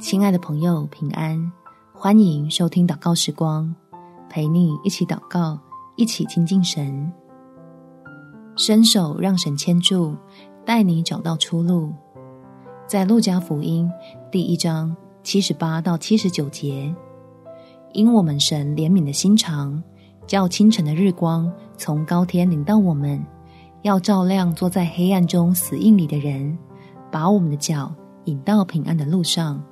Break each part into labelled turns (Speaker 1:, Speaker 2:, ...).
Speaker 1: 親愛的朋友，平安！歡迎收聽禱告時光，陪你一起禱告，一起親近神。伸手讓神牽住，帶你找到出路。在路加福音第一章七十八到七十九節，因我們神憐憫的心腸，叫清晨的日光從高天臨到我們，要照亮坐在黑暗中死蔭裡的人，把我們的腳引到平安的路上。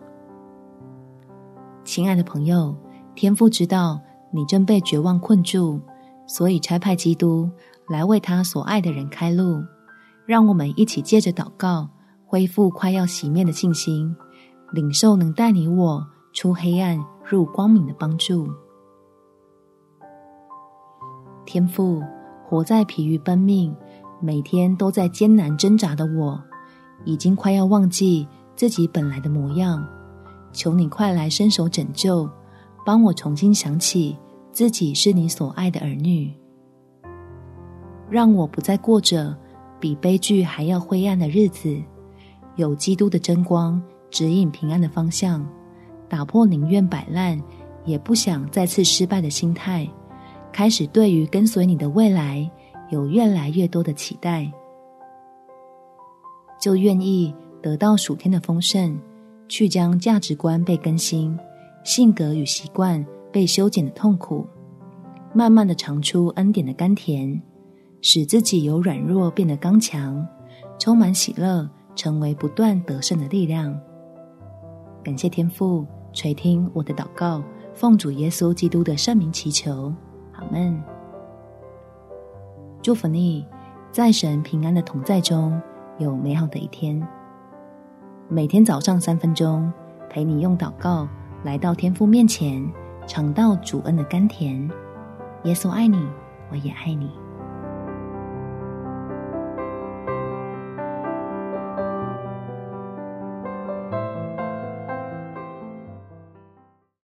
Speaker 1: 親愛的朋友，天父知道你正被絕望困住，所以差派基督來為他所愛的人開路。讓我們一起借着禱告，恢復快要熄滅的信心，領受能帶你我出黑暗入光明的幫助。天父，活在疲於奔命、每天都在艱難掙扎的我，已經快要忘記自己本來的模樣。求你快來伸手拯救，幫我重新想起自己是你所愛的兒女，讓我不再過着比悲劇還要灰暗的日子。有基督的真光指引平安的方向，打破寧願擺爛也不想再次失敗的心態，開始對於跟隨你的未來有越來越多的期待，就願意得到屬天的豐盛。去將價值觀被更新、性格與習慣被修剪的痛苦，慢慢地嚐出恩典的甘甜，使自己由軟弱變得剛強，充滿喜樂，成為不斷得勝的力量。感謝天父垂聽我的禱告，奉主耶穌基督的聖名祈求，阿門。祝福你，在神平安的同在中，有美好的一天。每天早上三分鐘，陪你用禱告來到天父面前，嚐到主恩的甘甜。耶穌愛你，我也愛你。